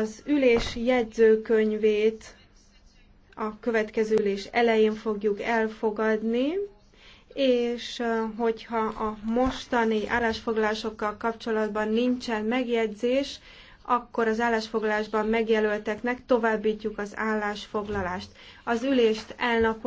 Az ülés jegyzőkönyvét a következő ülés elején fogjuk elfogadni, és hogyha a mostani állásfoglalásokkal kapcsolatban nincsen megjegyzés, akkor az állásfoglalásban megjelölteknek továbbítjuk az állásfoglalást. Az ülést elnapoljuk.